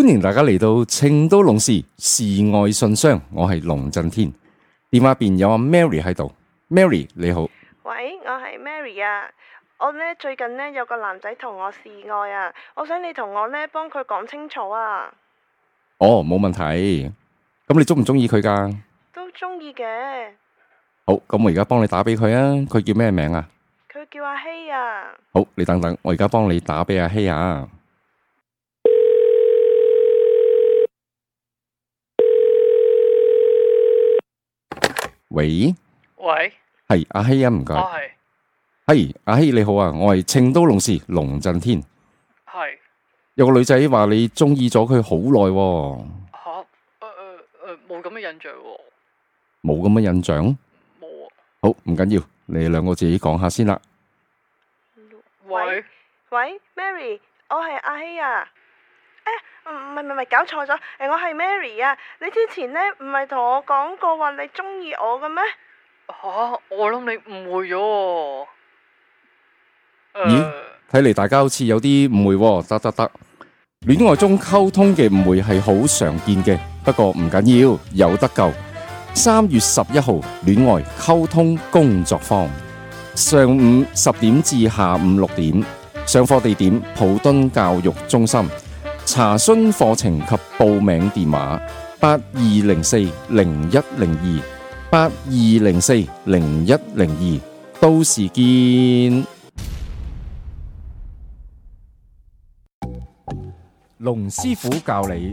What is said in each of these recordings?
歡迎大家嚟到情到濃時示愛信箱，我係龍震天，電話邊有阿 Mary 喺度，Mary 你好，喂，我係 Mary 啊，我呢最近呢有個男仔同我示愛啊，我想你同我呢幫佢講清楚啊。哦，冇問題，咁你中唔中意佢噶？都中意嘅。好，咁我而家幫你打俾佢啊。佢叫咩名啊？佢叫阿希啊。好，你等等，我而家幫你打俾阿希啊。喂喂，係喂阿希啊，唔該，係、啊 hey, 阿希你好啊，我係成都龍氏龍震天，係是有個女仔話你中意咗佢好耐，吓，誒誒誒，冇咁嘅印象，冇咁嘅印象，冇啊，好唔緊要，你兩個自己講下先啦，喂喂，喂，Mary，我係阿希啊。唔係，唔係，搞錯咗。誒，我係 Mary 啊。你之前呢，唔係同我講過話，你中意我嘅咩？我諗你誤會咗。咦，睇嚟大家好似有啲誤會。得得得，戀愛中溝通嘅誤會係好常見嘅，不過唔緊要，有得救。三月十一號，戀愛溝通工作坊，上午十點至下午六點，上課地點：普敦教育中心。查詢課程及報名電話：八二零四零一零二，八二零四零一零二。到時見，龍師傅教你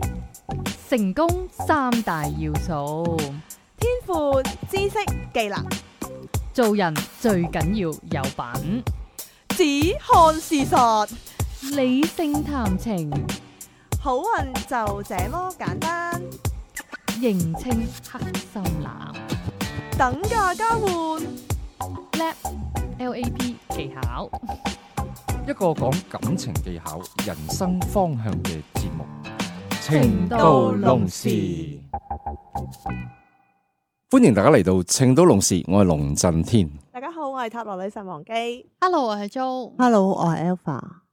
成功三大要素：天賦、知識、技能。做人最緊要有品，只看事實，理性談情。好運就這麼簡單，認清黑心男，等價交換，lap lap 技巧，一個講感情技巧、人生方向嘅節目，青島龍氏，歡迎大家嚟到青島龍氏，我係龍震天。大家好，我係塔羅女神王姬。Hello，我係 Jo。Hello，我係 Alpha。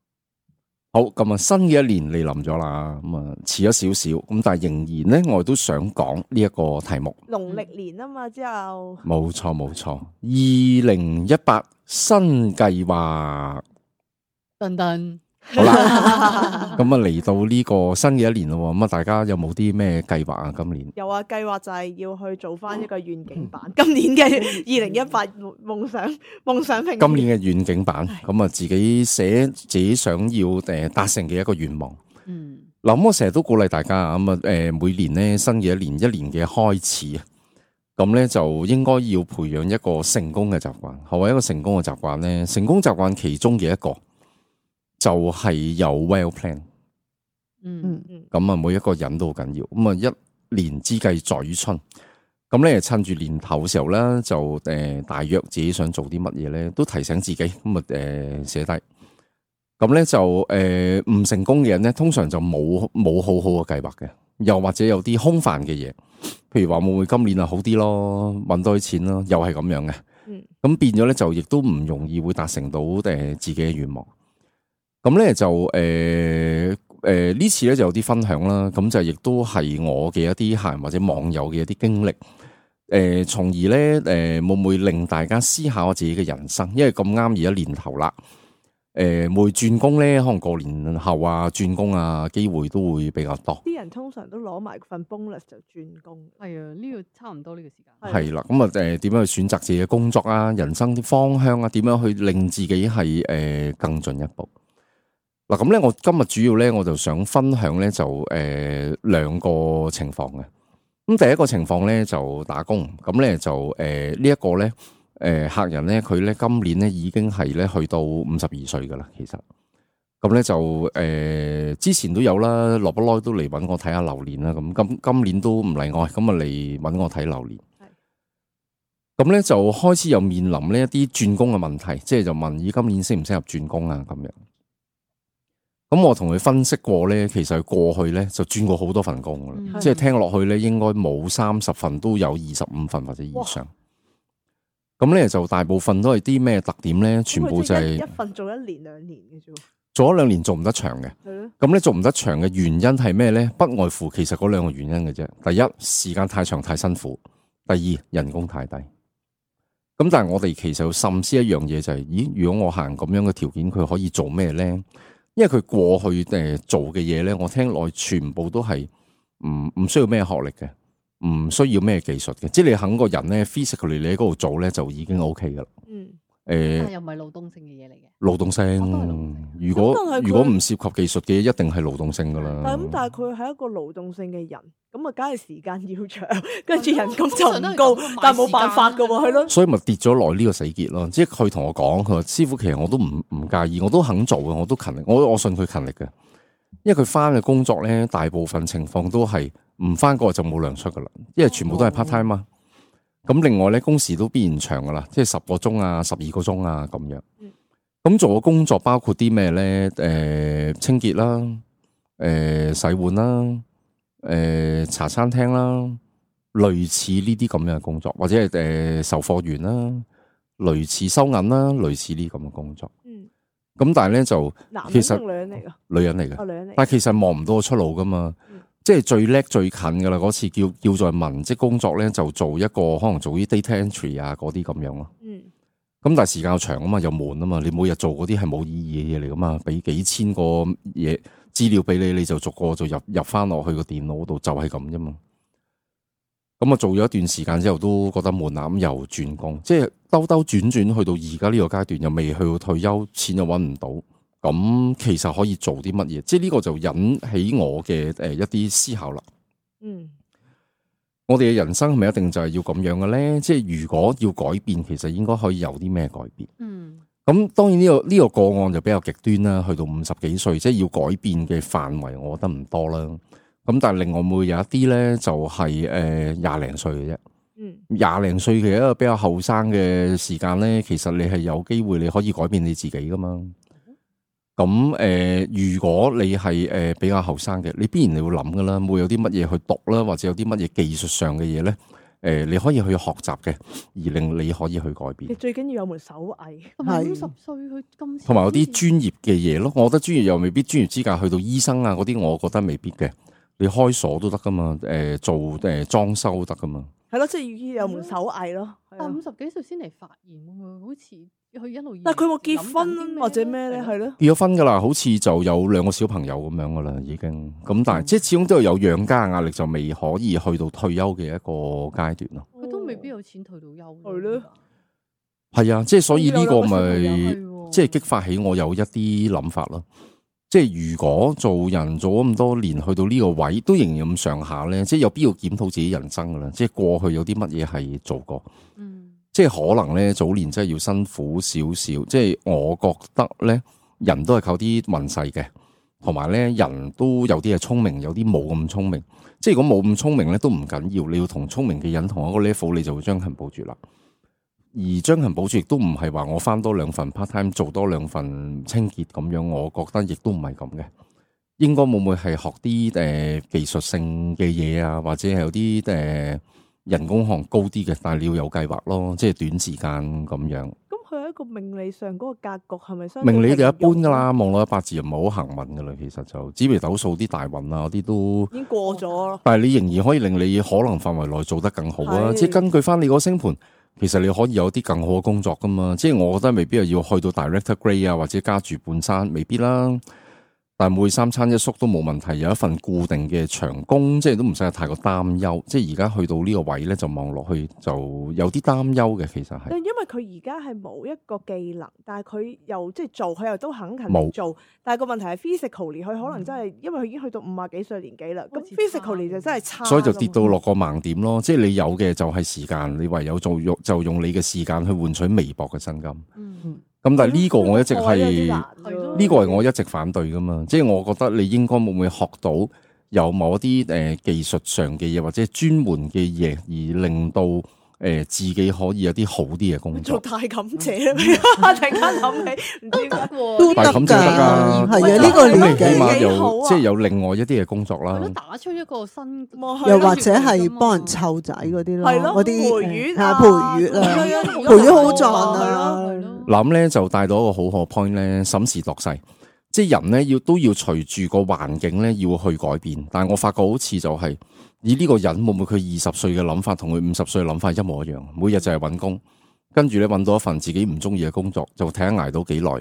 好，咁啊，新嘅一年嚟臨咗啦，咁啊遲咗少少，咁但係仍然咧，我都想講呢一個題目。農曆年啊嘛之後，冇錯冇錯，二零一八新計劃。墩墩。好啦，咁啊嚟到呢個新嘅一年咯，咁啊大家有冇啲咩計劃啊？今年有啊，又計劃就係要去做翻一個願景版，哇今年嘅二零一八夢想夢想平。今年嘅願景版，咁啊自己寫自己想要誒達成嘅一個願望。嗯，嗱，咁我成日都鼓勵大家啊，咁啊誒每年咧新嘅一年，一年嘅開始啊，咁咧就應該要培養一個成功嘅習慣。何為一個成功嘅習慣咧？成功習慣其中嘅一個。就係有 well plan，嗯嗯嗯，咁啊每一個人都好緊要，咁啊一年之計在於春，咁咧趁住年頭嘅時候咧，就誒大約自己想做啲乜嘢咧，都提醒自己，咁啊誒寫低，咁咧就誒唔成功嘅人咧，通常就冇冇好好嘅計劃嘅，又或者有啲空泛嘅嘢，譬如話會唔會今年啊好啲咯，搵多啲錢咯，又係咁樣嘅，咁變咗咧就亦都唔容易會達成到誒自己嘅願望。咁咧就誒誒呢次咧就有啲分享啦，咁就亦都係我嘅一啲客人或者網友嘅一啲經歷，誒，從而咧誒會唔會令大家思考我自己嘅人生？因為咁啱而家年頭啦，誒，會轉工咧，可能過年後啊轉工啊機會都會比較多。啲人通常都攞埋份 bonus 就轉工，係啊，呢個差唔多呢個時間係啦。咁啊，誒，點樣去選擇自己嘅工作啊？人生啲方向啊？點樣去令自己係誒更進一步？嗱咁咧，我今日主要咧，我就想分享咧，就誒、呃、兩個情況嘅。咁第一個情況咧，就打工。咁咧就誒、呃這個、呢一個咧，誒、呃、客人咧，佢咧今年咧已經係咧去到五十二歲噶啦。其實咁咧就誒、呃、之前都有啦，耐不耐都嚟揾我睇下流年啦。咁今今年都唔例外，咁啊嚟揾我睇流年。咁咧的就開始又面臨呢一啲轉工嘅問題，即係就問咦今年適唔適合轉工啊？咁樣。咁我同佢分析過咧，其實過去咧就轉過好多份工嘅啦，即係、嗯、聽落去咧，應該冇三十份，都有二十五份或者以上。咁咧哇就大部分都係啲咩特點咧？全部就係、是、一,一份做一年兩年嘅啫，做一兩年做唔得長嘅。咁咧的做唔得長嘅原因係咩咧？不外乎其實嗰兩個原因嘅啫。第一，時間太長太辛苦；第二，人工太低。咁但係我哋其實要深思一樣嘢，就是，就係咦，如果我行咁樣嘅條件，佢可以做咩咧？因為佢過去誒做嘅嘢咧，我聽落全部都係唔唔需要咩學歷嘅，唔需要咩技術嘅，即係你肯個人咧，physically 你喺嗰度做咧就已經 OK 噶啦。嗯誒，欸、又唔係勞動性嘅嘢，嚟嘅。勞動性，啊、動性如果如果唔涉及技術嘅，一定係勞動性噶啦。咁但係佢係一個勞動性嘅人，咁啊，梗係時間要長，跟住人工就唔高，但係冇辦法噶喎，係咯、啊。了所以咪跌咗落呢個死結咯。即係佢同我講，佢話師傅，其實我都唔唔介意，我都肯做嘅，我都勤力，我我信佢勤力嘅。因為佢翻嘅工作咧，大部分情況都係唔翻過就冇糧出噶啦，因為全部都係 part time 嘛。咁另外咧，工時都必然長噶啦，即係十個鐘啊，十二個鐘啊咁樣。咁、嗯、做嘅工作包括啲咩咧？誒、呃，清潔啦、啊，誒、呃，洗碗啦、啊，誒、呃，茶餐廳啦、啊，類似呢啲咁樣嘅工作，或者係誒售貨員啦、啊，類似收銀啦、啊，類似呢咁嘅工作。嗯。咁但係咧就，其實兩嚟啊，女人嚟嘅，哦、但係其實望唔到個出路噶嘛。即係最叻最近噶啦，嗰次叫做文職工作咧，就做一個可能做啲 data entry 啊，嗰啲咁樣咯。嗯。咁但係時間又長啊嘛，又悶啊嘛，你每日做嗰啲係冇意義嘅嘢嚟噶嘛，俾幾千個嘢資料俾你，你就逐個就入入翻落去個電腦度，就係咁啫嘛。咁、嗯、啊，做咗一段時間之後，都覺得悶喇，咁又轉工，即係兜兜轉轉去到而家呢個階段，又未去到退休，錢又搵唔到。咁其實可以做啲乜嘢？即係呢個就引起我嘅誒一啲思考啦。嗯，我哋嘅人生係咪一定就係要咁樣嘅咧？即係如果要改變，其實應該可以有啲咩改變？嗯，咁當然呢、呢個呢、呢個個案就比較極端啦，去到五十幾歲，即係要改變嘅範圍，我覺得唔多啦。咁但係另外會有一啲咧、就係，就係誒廿零歲嘅啫。嗯，廿零歲嘅一個比較後生嘅時間咧，其實你係有機會你可以改變你自己噶嘛。咁誒、呃，如果你係誒、呃、比較後生嘅，你必然你會諗噶啦，會有啲乜嘢去讀啦，或者有啲乜嘢技術上嘅嘢咧？誒、呃，你可以去學習嘅，而令你可以去改變。你最緊要有門手藝，五十歲去金。同埋有啲專業嘅嘢咯，我覺得專業又未必專業資格去到醫生啊嗰啲，我覺得未必嘅。你開鎖都得噶嘛？誒、呃，做誒裝、呃、修都得噶嘛？係咯，即係要有門手藝咯。但五十幾歲先嚟發現，會唔會好似佢一路。但係佢冇結婚或者咩咧？係咯，結咗婚噶啦，好似就有兩個小朋友咁樣噶啦，已經。咁但係即係始終都有養家壓力，就未可以去到退休嘅一個階段咯。佢都未必有錢退到休。係咯。係啊，即係所以呢個咪，即係激發起我有一啲諗法咯。即係如果做人做咁多年，去到呢個位都仍然咁上下咧，即係有必要檢討自己人生噶啦。即係過去有啲乜嘢係做過，嗯、即係可能咧早年真係要辛苦少少。即係我覺得咧，人都係靠啲運勢嘅，同埋咧人都有啲係聰明，有啲冇咁聰明。即係如果冇咁聰明咧，都唔緊要。你要同聰明嘅人同一個 level，你就會將勤補拙啦。而將勤補拙，亦都唔係話我翻多兩份 part time，做多兩份清潔咁樣。我覺得亦都唔係咁嘅，應該會唔會係學啲誒、呃、技術性嘅嘢啊，或者有啲誒、呃、人工行高啲嘅，但係你要有計劃咯，即係短時間咁樣。咁佢係一個命理上嗰個格局係咪？命理就一般噶啦，望落一八字又唔係好行運噶啦，其實就紫微斗數啲大運啊嗰啲都已經過咗。但係你仍然可以令你可能範圍內做得更好啊！是即係根據翻你嗰個星盤。其實你可以有啲更好嘅工作噶嘛，即係我覺得未必係要去到 director grade 啊，或者家住半山，未必啦。但每三餐一宿都冇問題，有一份固定嘅長工，即係都唔使太過擔憂。即係而家去到呢個位咧，就望落去就有啲擔憂嘅，其實係。因為佢而家係冇一個技能，但係佢又即係做，佢又都肯勤力做。有但係個問題係 physically，佢可能真係、嗯、因為佢已經去到五啊幾歲年紀啦，咁 physically、嗯、就真係差。嗯、所以就跌到落個盲點咯。即係你有嘅就係時間，你唯有做用就用你嘅時間去換取微薄嘅薪金。嗯。咁但係呢個我一直係呢個係我一直反對噶嘛，即係我覺得你應該會唔會學到有某一啲誒技術上嘅嘢，或者係專門嘅嘢，而令到。誒自己可以有啲好啲嘅工作，做泰感者，突然間諗起，唔知乜喎，泰感者得㗎，係啊，呢個年紀即係有另外一啲嘅工作啦，打出一個新，又或者係幫人湊仔嗰啲啦，嗰啲啊，培育啊，培育好壯係咯，諗咧就帶到一個好學 point 咧，審時度勢。即係人咧，要都要隨住個環境咧，要去改變。但係我發覺好似就係、是、以呢個人，會唔會佢二十歲嘅諗法同佢五十歲嘅諗法一模一樣？每日就係搵工，跟住你搵到一份自己唔中意嘅工作，就睇下挨到幾耐。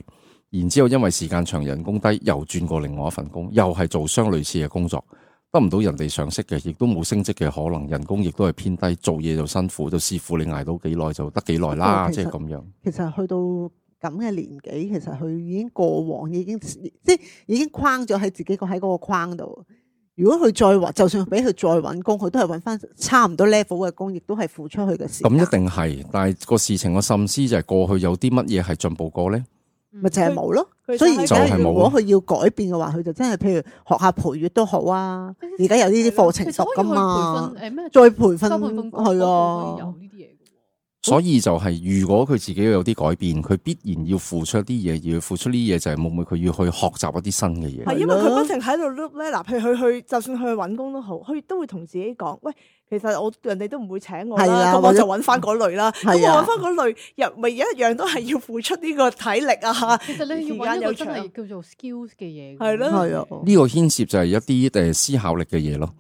然之後因為時間長，人工低，又轉過另外一份工，又係做相類似嘅工作，得唔到人哋賞識嘅，亦都冇升職嘅可能，人工亦都係偏低，做嘢就辛苦，就視乎你挨到幾耐就得幾耐啦，即係咁樣。其實去到。咁嘅年紀，其實佢已經過往，已經即係已經框咗喺自己個喺嗰個框度。如果佢再揾，就算俾佢再揾工，佢都係揾翻差唔多 level 嘅工，亦都係付出佢嘅時間。咁一定係，但係個事情嘅心思就係過去有啲乜嘢係進步過咧？咪就係冇咯。所以而家如果佢要改變嘅話，佢就真係譬如學下陪月都好啊。而家有呢啲課程讀噶嘛？再培訓係啊。所以就係如果佢自己有啲改變，佢必然要付出一啲嘢，要付出啲嘢就係冇冇佢要去學習一啲新嘅嘢。係因為佢不停喺度碌咧，嗱譬如去去去，就算去揾工都好，佢亦都會同自己講：喂，其實我人哋都唔會請我啦，咁、啊、我就揾翻嗰類啦。咁、 啊、我揾翻嗰類又咪一樣都係要付出呢個體力啊？其實你要揾一個真係叫做 skills 嘅嘢。係咯，呢個牽涉就係一啲誒思考力嘅嘢咯。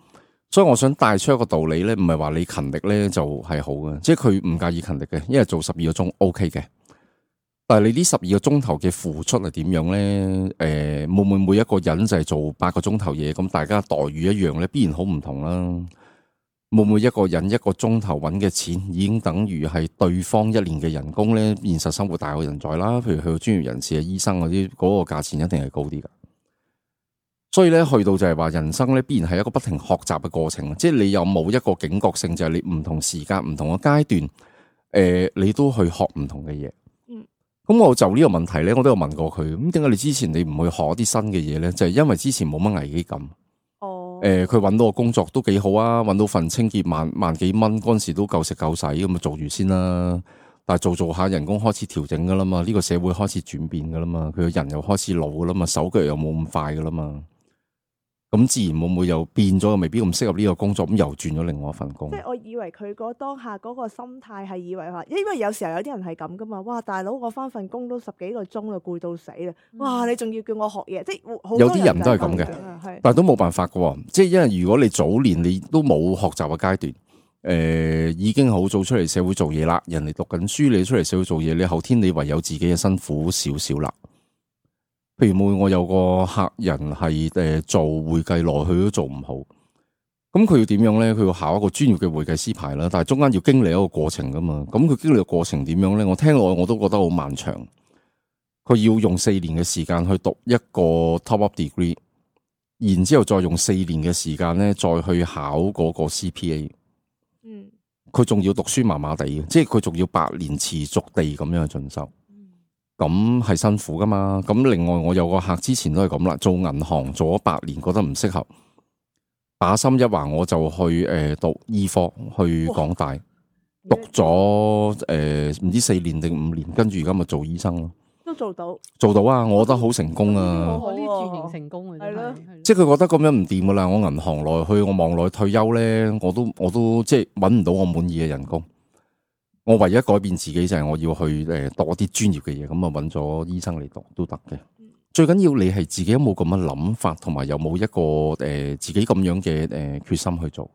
所以我想帶出一個道理咧，唔係話你勤力咧就係好嘅，即係佢唔介意勤力嘅，因為做十二個鐘 OK 嘅。但係你呢十二個鐘頭嘅付出係點樣咧？誒，會唔會每一個人就係做八個鐘頭嘢，咁大家待遇一樣咧，必然好唔同啦。會唔會一個人一個鐘頭揾嘅錢已經等於係對方一年嘅人工咧？現實生活大有人在啦，譬如去到專業人士啊、醫生嗰啲，嗰個價錢一定係高啲噶。所以咧，去到就係話人生咧，必然係一個不停學習嘅過程。即係你有冇一個警覺性，就係、是、你唔同時間、唔同嘅階段，誒、呃，你都去學唔同嘅嘢。嗯。咁、嗯、我就呢個問題咧，我都有問過佢。咁點解你之前你唔去學啲新嘅嘢咧？就係、是、因為之前冇乜危機感。哦。誒、呃，佢搵到個工作都幾好啊，搵到份清潔萬萬幾蚊，嗰陣時都夠食夠使咁啊，做住先啦。但係做做下，人工開始調整噶啦嘛，呢、這個社會開始轉變噶啦嘛，佢個人又開始老噶啦嘛，手腳又冇咁快噶啦嘛。咁自然會唔會變又變咗，未必咁適合呢個工作，咁又轉咗另外一份工。即係我以為佢嗰當下嗰個心態係以為話，因為有時候有啲人係咁噶嘛。哇，大佬我翻份工都十幾個鐘啦，攰到死啦！哇，你仲要叫我學嘢，即係有啲人都係咁嘅。但係都冇辦法噶，即係因為如果你早年你都冇學習嘅階段，誒、呃，已經好早出嚟社會做嘢啦。人哋讀緊書，你出嚟社會做嘢，你後天你唯有自己嘅辛苦少少啦。譬如我有個客人係誒、呃、做會計，來去都做唔好，咁佢要點樣咧？佢要考一個專業嘅會計師牌啦，但係中間要經歷一個過程噶嘛。咁佢經歷個過程點樣咧？我聽落我都覺得好漫長。佢要用四年嘅時間去讀一個 top up degree，然之後再用四年嘅時間咧再去考嗰個 CPA。嗯，佢仲要讀書麻麻地，即係佢仲要八年持續地咁樣去進修。咁係辛苦噶嘛？咁另外我有個客之前都係咁啦，做銀行做咗八年，覺得唔適合，把心一橫我就去誒、呃、讀醫科，去港大、哦、讀咗誒唔知四年定五年，跟住而家咪做醫生咯，都做到，做到啊！我覺得好成功啊！我呢轉型成功啊，係咯，即係佢覺得咁樣唔掂噶啦，我銀行來去我忙來退休咧，我都我都即係搵唔到我滿意嘅人工。我唯一改變自己就係我要去誒，多啲專業嘅嘢，咁啊揾咗醫生嚟讀都得嘅。嗯、最緊要你係自己有冇咁嘅諗法，同埋有冇一個誒、呃、自己咁樣嘅誒、呃、決心去做。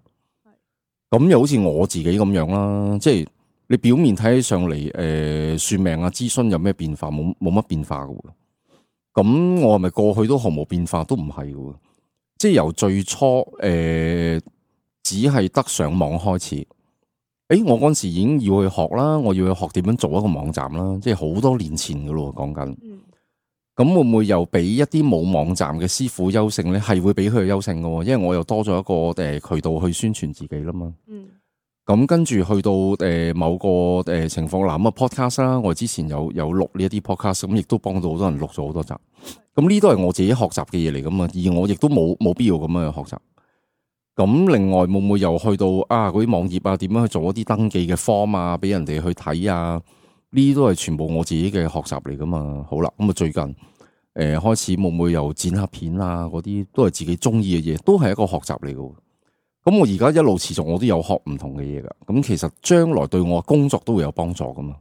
咁又是好似我自己咁樣啦，即係你表面睇起上嚟誒，算命啊諮詢有咩變化？冇冇乜變化㗎。咁我係咪過去都毫無變化？都唔係㗎。即係由最初誒、呃、只係得上網開始。誒，我嗰時已經要去學啦，我要去學點樣做一個網站啦，即係好多年前噶咯，講緊。咁、嗯、會唔會又俾一啲冇網站嘅師傅優勝咧？係會俾佢優勝噶，因為我又多咗一個誒、呃、渠道去宣傳自己啦嘛。咁、嗯、跟住去到誒、呃、某個誒情況，嗱咁啊 podcast 啦，podcast, 我之前有有錄呢一啲 podcast，咁亦都幫到好多人錄咗好多集。咁呢、嗯、都係我自己學習嘅嘢嚟噶嘛，而我亦都冇冇必要咁樣去學習。咁另外，會唔會又去到啊？嗰啲網頁啊，點樣去做一啲登記嘅 form 啊，俾人哋去睇啊？呢啲都係全部我自己嘅學習嚟噶嘛。好啦，咁啊最近誒、呃、開始會唔會又剪下片啊？嗰啲都係自己中意嘅嘢，都係一個學習嚟噶。咁我而家一路持續我都有學唔同嘅嘢噶。咁其實將來對我嘅工作都會有幫助噶嘛。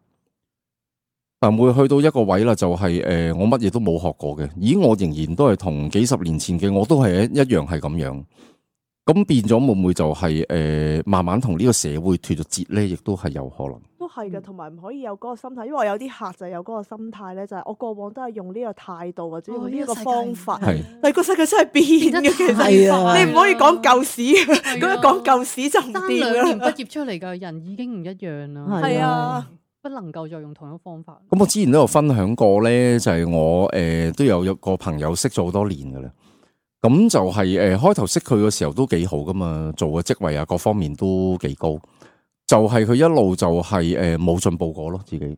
但會去到一個位啦，就是，就係誒我乜嘢都冇學過嘅，咦我仍然都係同幾十年前嘅我都係一一樣係咁樣。咁變咗會唔會就係、是、誒、呃，慢慢同呢個社會脱咗節咧，亦都係有可能。都係嘅，同埋唔可以有嗰個心態，因為我有啲客就有嗰個心態咧，就係、是、我過往都係用呢個態度或者、哦、用呢個方法，但係、哦這個世界，是世界真係變嘅，其實、啊啊、你唔可以講舊史，咁一講舊史就唔啱。啊、三年畢業出嚟嘅人已經唔一樣啦，係啊，啊不能夠再用同樣方法。咁我之前都有分享過咧，就係、是、我誒、呃、都有有個朋友識咗好多年噶啦。咁就係、是、誒、呃、開頭識佢嘅時候都幾好噶嘛，做嘅職位啊，各方面都幾高。就係、是、佢一路就係誒冇進步過咯，自己。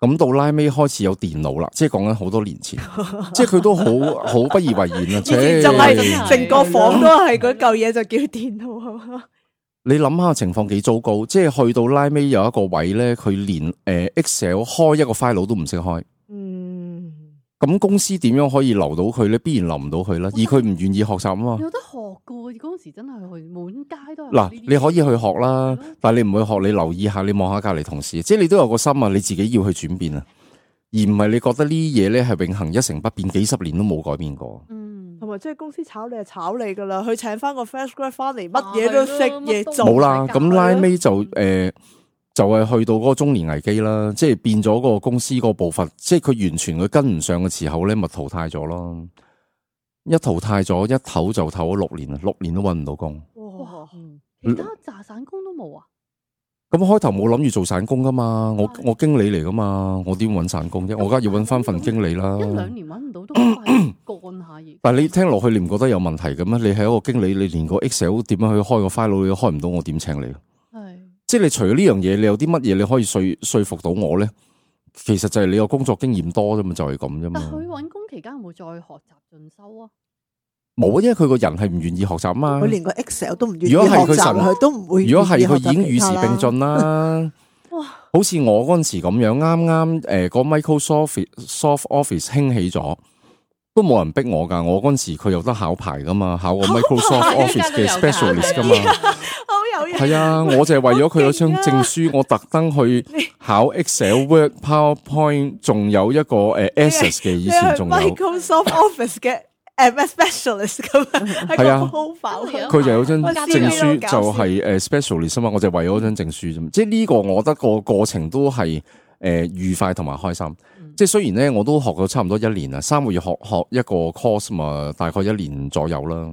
咁到拉尾開始有電腦啦，即係講緊好多年前， 即係佢都好好不以為然啊。以前就係成個房都係嗰嚿嘢，就叫電腦。 你諗下情況幾糟糕，即係去到拉尾有一個位咧，佢連誒、呃、Excel 開一個 file 都唔識開。嗯。咁公司點樣可以留到佢咧？必然留唔到佢啦。而佢唔願意學習啊嘛。有得學噶，嗰時真係去滿街都係。嗱， 你可以去學啦， 但係你唔會學，你留意下，你望下隔籬同事，即係你都有個心啊，你自己要去轉變啊，而唔係你覺得呢啲嘢咧係永恒一成不變，幾十年都冇改變過。嗯，同埋即係公司炒你係炒你噶啦，佢請翻個 fresh grad 翻嚟，乜嘢都識嘢了就冇啦。咁拉尾就誒。呃就係去到嗰個中年危機啦，即係變咗個公司個步伐，即係佢完全佢跟唔上嘅時候咧，咪淘汰咗咯。一淘汰咗，一唞就唞咗六年啊，六年都搵唔到工。哇，其他雜散工都冇啊？咁開頭冇諗住做散工噶嘛，的嘛？我我經理嚟噶嘛？我點搵散工啫？麼我而家要搵返份經理啦。一兩年搵唔到都好快，幹下嘢。但係你聽落去，你唔覺得有問題嘅咩？你係一個經理，你連個 Excel 點樣去開個 file，你都開唔到，我點請你？即係你除咗呢樣嘢，你有啲乜嘢你可以說說服到我咧？其實就係你個工作經驗多啫嘛，就係咁啫嘛。但係佢揾工期間會再學習進修啊？冇啊，因為佢個人係唔願意學習啊嘛。佢連個 Excel 都唔願，如果係佢神，佢都唔會。如果係佢已經與時並進啦，好似我嗰陣時咁樣，啱啱誒個 Microsoft Soft Office 興起咗。都冇人逼我噶，我嗰陣時佢有得考牌噶嘛，考個 Microsoft Office 嘅 Specialist 噶嘛，好有癮。係啊，我就係為咗佢有張證書，我特登去考 Excel、Word、PowerPoint，仲有一個誒 Access 嘅。以前仲有 Microsoft Office 嘅誒 Specialist 噶嘛，係啊，好快。佢就有張證書，就係誒 Specialist 吖嘛，我就係為咗張證書啫。即係呢個，我覺得個過程都係。誒，愉快同埋開心，即係雖然咧，我都學咗差唔多一年啦，三個月學學一個 course 嘛，大概一年左右啦，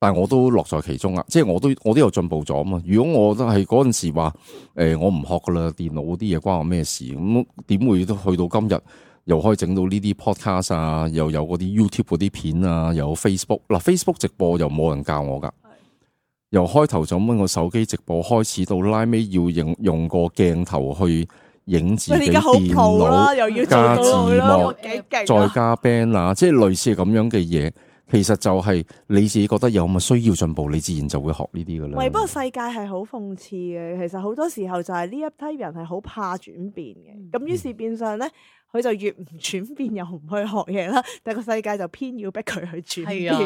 但係我都樂在其中啊！即係我都我都有進步咗啊嘛！如果我都係嗰陣時話，誒、呃，我唔學噶啦，電腦啲嘢關我咩事？咁點會去到今日，又可以整到呢啲 podcast 啊，又有嗰啲 YouTube 嗰啲片啊，又有 Facebook 嗱、呃、，Facebook 直播又冇人教我噶，由開頭就咁樣個手機直播開始到拉尾，要用用個鏡頭去。影自己電腦，加字幕，再加 band 啊！即係類似咁樣嘅嘢，其實就係你自己覺得有冇需要進步，你自然就會學呢啲㗎喇。喂，不過世界係好諷刺嘅，其實好多時候就係呢一批人係好怕轉變嘅，咁、嗯、於是變相咧。佢就越唔轉變，又唔去學嘢啦，但係個世界就偏要逼佢去轉變。佢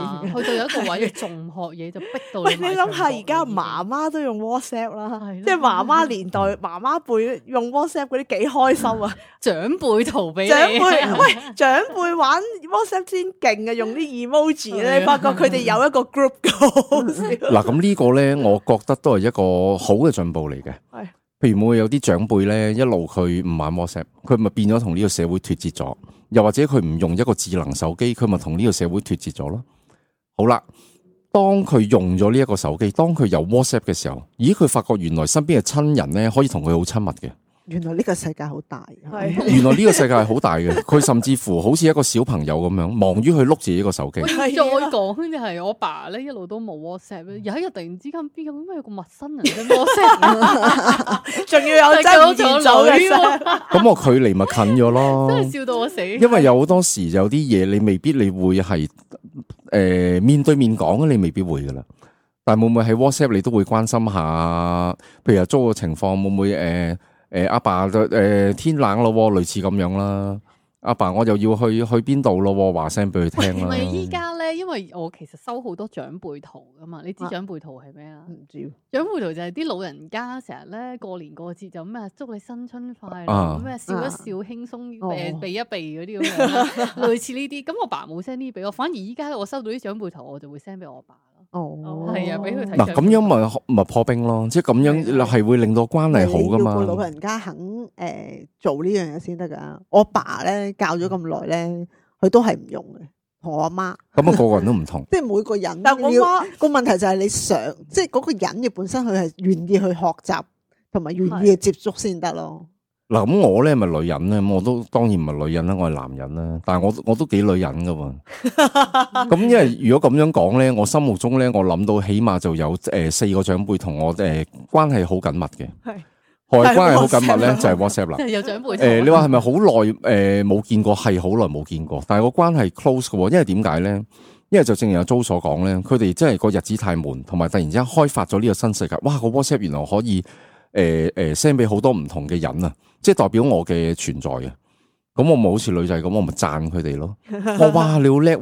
有、啊、一個位，仲唔 學嘢就逼到你。你諗下，而家媽媽都用 WhatsApp 啦，啊、即係媽媽年代、媽媽輩用 WhatsApp 嗰啲幾開心啊！ 長輩圖俾你， 長輩喂，長輩玩 WhatsApp 先勁啊。用啲 emoji 咧，發覺佢哋有一個 group 嘅。嗱，咁呢個咧，我覺得都係一個好嘅進步嚟嘅。係。譬如我有啲長輩咧，一路佢唔玩 WhatsApp，佢咪變咗同呢個社會脫節咗；又或者佢唔用一個智能手機，佢咪同呢個社會脫節咗咯。好啦，當佢用咗呢一個手機，當佢有 WhatsApp 嘅時候，咦？佢發覺原來身邊嘅親人咧，可以同佢好親密嘅。原來呢個世界好大，啊、原來呢個世界係好大嘅。佢 甚至乎好似一個小朋友咁樣，忙於去碌住呢個手機。啊、再講，就係我爸咧，一路都冇 WhatsApp，又喺度突然之間，邊有咩有個陌生人嘅 WhatsApp，仲 要有爭住走。咁 我距離咪近咗咯？ 真係笑到我死！因為有好多時有啲嘢，你未必你會係誒、呃、面對面講，你未必會噶啦。但係會唔會喺 WhatsApp 你都會關心下？譬如租嘅情況，會唔會誒？呃呃誒阿、呃、爸就誒、呃、天冷咯，類似咁樣啦。阿爸，爸，我又要去去邊度咯？話聲俾佢聽，唔係依家咧，因為我其實收好多長輩圖噶嘛。你知長輩圖係咩啊？唔知長輩圖就係啲老人家成日咧過年過節就咩祝你新春快樂，咩、啊、笑一笑輕鬆、啊、避，避一避嗰啲咁樣，類似呢啲。咁、哦、我爸冇 send 呢啲俾我，反而依家我收到啲長輩圖，我就會 send 俾我爸。哦，係啊，俾佢嗱咁樣咪咪破冰咯，即係咁樣係會令到關係好噶嘛。要老人家肯誒、呃、做呢樣嘢先得噶。我爸咧教咗咁耐咧，佢、嗯、都係唔用嘅。同我阿媽，咁啊個個人都唔同， 即係每個人都。但係我阿媽個問題就係你想，即係嗰個人嘅本身佢係願意去學習，同埋願意去接觸先得咯。嗱咁我咧係咪女人咧，我都當然唔係女人啦、啊，我係男人啦。但係我我都幾女人嘅喎。咁因為如果咁樣講咧，我心目中咧，我諗到起碼就有誒、呃、四個長輩同我誒、呃、關係好緊密嘅，係外是關係好緊密咧，是就係 WhatsApp 啦。誒 輩、呃，你話係咪好耐誒冇見過？係好耐冇見過，但係個關係 close 嘅喎。因為點解咧？因為就正如阿 Jo 所講咧，佢哋真係個日子太悶，同埋突然之間開發咗呢個新世界。哇！個 WhatsApp 原來可以誒誒 send 俾好多唔同嘅人啊！即係代表我嘅存在嘅，咁我咪好似女仔咁，我咪讚佢哋咯。我哇，你好叻，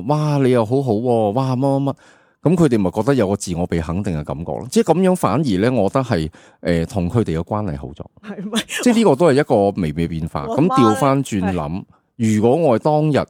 哇，你又好好，哇，乜乜乜，咁佢哋咪覺得有個自我被肯定嘅感覺咯。即係咁樣反而咧，我覺得係誒同佢哋嘅關係好咗。係咪？即係呢個都係一個微微變化。咁調翻轉諗， 如果我當日誒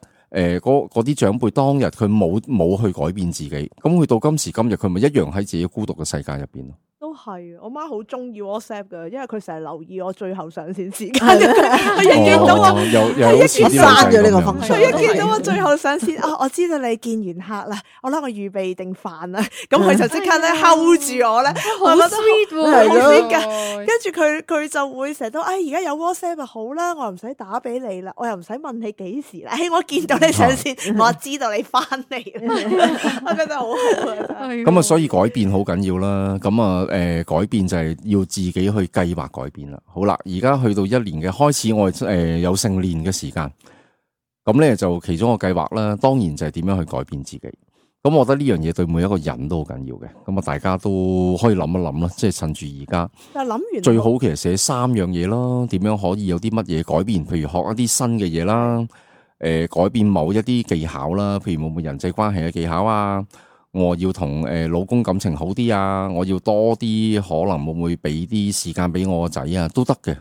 嗰啲長輩當日佢冇冇去改變自己，咁佢到今時今日，佢咪一樣喺自己孤獨嘅世界入邊咯？係，我媽好中意 WhatsApp 嘅，因為佢成日留意我最後上線時間。佢一見到我，一見刪咗呢個佢一見到我最後上線，啊，我知道你見完客啦，我諗我預備定飯啦，咁佢就即刻咧扣住我咧。好 sweet 喎跟住佢佢就會成日都，誒，而家有 WhatsApp 咪好啦，我又唔使打俾你啦，我又唔使問你幾時啦，誒，我見到你上線，我知道你翻嚟。我覺得好好。咁啊，所以改變好緊要啦。咁啊，誒。誒，改變就係要自己去計劃改變啦。好啦，而家去到一年嘅開始，我誒、呃、有成年嘅時間，咁咧就其中個計劃啦。當然就係點樣去改變自己。咁我覺得呢樣嘢對每一個人都好緊要嘅。咁啊，大家都可以諗一諗啦，即係趁住而家。但係諗完最好其實寫三樣嘢咯，點樣可以有啲乜嘢改變？譬如學一啲新嘅嘢啦，誒、呃，改變某一啲技巧啦，譬如冇冇人際關係嘅技巧啊。我要同誒老公感情好啲啊！我要多啲，可能會唔會俾啲時間俾我個仔啊？都得嘅。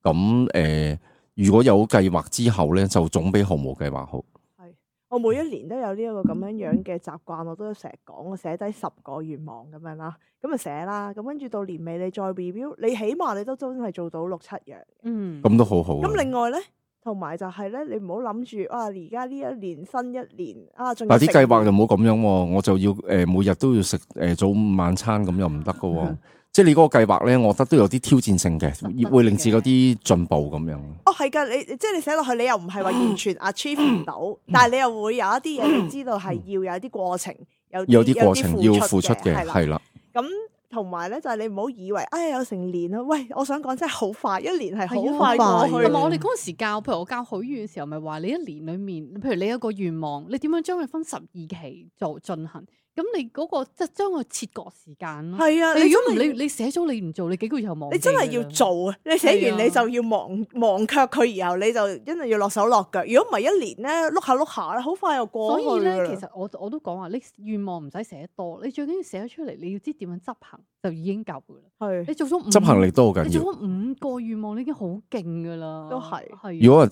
咁誒、呃，如果有計劃之後咧，就總比毫無計劃好。係，我每一年都有呢一個咁樣樣嘅習慣，我都成日講，我寫低十個願望咁樣啦，咁啊寫啦，咁跟住到年尾你再 review，你起碼你都真係做到六七樣。嗯，咁都好好。咁另外咧，同埋就係咧，你唔好諗住哇！而家呢一年新一年啊，嗱啲計劃就唔好咁樣喎，我就要誒每日都要食誒早午晚餐咁又唔得嘅喎，即係你嗰個計劃咧，我覺得都有啲挑戰性嘅，會令自己有啲進步咁樣。哦，係㗎，你即係你寫落去，你又唔係話完全 achieve 唔到，但係你又會有一啲嘢你知道係要有啲過程，有有啲過程要付出嘅，係啦，咁。同埋咧，就係你唔好以為，哎呀有成年啦，喂，我想講真係好快，一年係好的快過去。同埋我哋嗰陣時教，譬如我教許願嘅時候，咪話你一年裏面，譬如你有一個願望，你點樣將佢分十二期做進行？咁你嗰、那個即係將個切割時間咯，係啊！你如果唔你你寫咗你唔做，你幾個月又忘。你真係要做啊！你寫完你就要忘忘卻佢，然、啊、後你就因為要落手落腳。如果唔係一年咧，碌下碌下咧，好快又過。所以咧，其實我我都講話，你願望唔使寫多，你最緊要寫得出嚟，你要知點樣執行，就已經夠噶啦。係是。你做咗五執行力都好緊要。你做咗五個願望，你已經好勁噶啦。都係是。啊、如果誒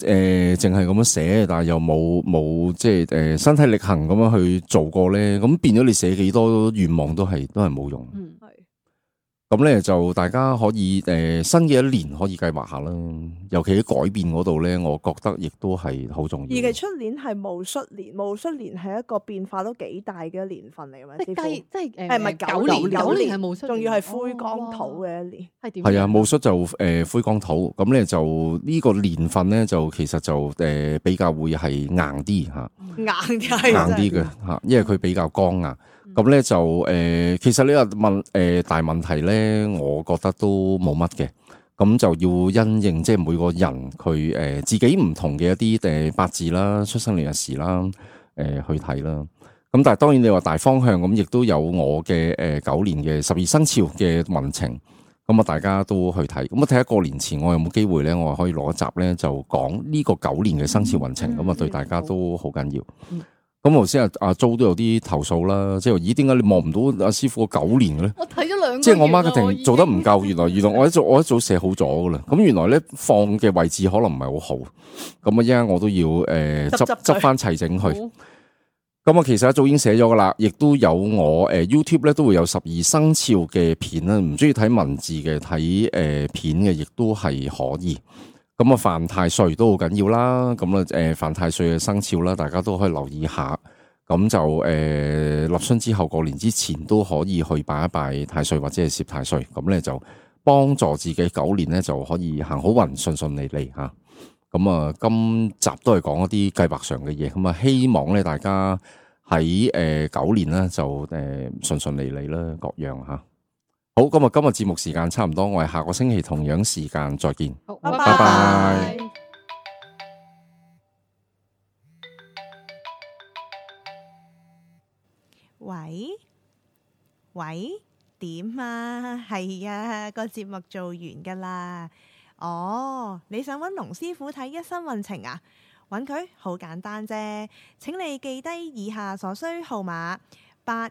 淨係咁樣寫，但係又冇冇即係誒身體力行咁樣去做過咧，咁變咗你。寫幾多願望都係都係冇用。咁咧就大家可以誒新嘅一年可以計劃下啦，尤其喺改變嗰度咧，我覺得亦都係好重要。而其出年係戊戌年，戊戌年係一個變化都幾大嘅年份嚟，咁即係即係誒係咪九年九年係戊戌，仲要係灰光土嘅一年，係點、哦？係啊，戊戌就誒灰光土，咁咧就呢個年份咧就其實就誒比較會係硬啲吓，硬啲係硬啲嘅吓，因為佢比較光硬。咁咧就誒，嗯、其實呢個問誒大問題咧，我覺得都冇乜嘅。咁就要因應即係每個人佢誒自己唔同嘅一啲誒八字啦、出生年月時啦，誒去睇啦。咁但係當然你話大方向咁，亦都有我嘅誒九年嘅十二生肖嘅運程。咁啊，大家都去睇。咁啊，睇下過年前我有冇機會咧，我可以攞一集咧就講呢個九年嘅生肖運程。咁啊、嗯，嗯嗯、對大家都好緊要。嗯咁頭先阿阿租都有啲投訴啦，即係咦，點解你望唔到阿師傅個九年嘅咧？我睇咗兩，即係我 marketing 做得唔夠，原來原來我一早 我一早寫好咗噶啦。咁原來咧放嘅位置可能唔係好好，咁啊一家我都要誒執執翻齊整去。咁去去啊，其實一早已經寫咗噶啦，亦都有我誒、呃、YouTube 咧都會有十二生肖嘅片啦。唔中意睇文字嘅睇誒片嘅，亦都係可以。咁啊，犯太歲都好緊要啦，咁啊，誒，犯太歲嘅生肖啦，大家都可以留意下。咁就誒、呃，立春之後過年之前都可以去拜一拜太歲或者係攝太歲，咁咧就幫助自己九年咧就可以行好運順順利利吓。咁啊，今集都係講一啲計劃上嘅嘢，咁啊，希望咧大家喺誒九年咧就誒順順利利啦，各樣吓。好，今日今日節目時間差唔多，我哋下個星期同樣時間再見。好，bye bye，拜拜。喂喂，點啊？係呀、啊，個節目做完噶啦。哦，你想揾龍師傅睇一生運程啊？揾佢好簡單啫，請你記低以下所需號碼八，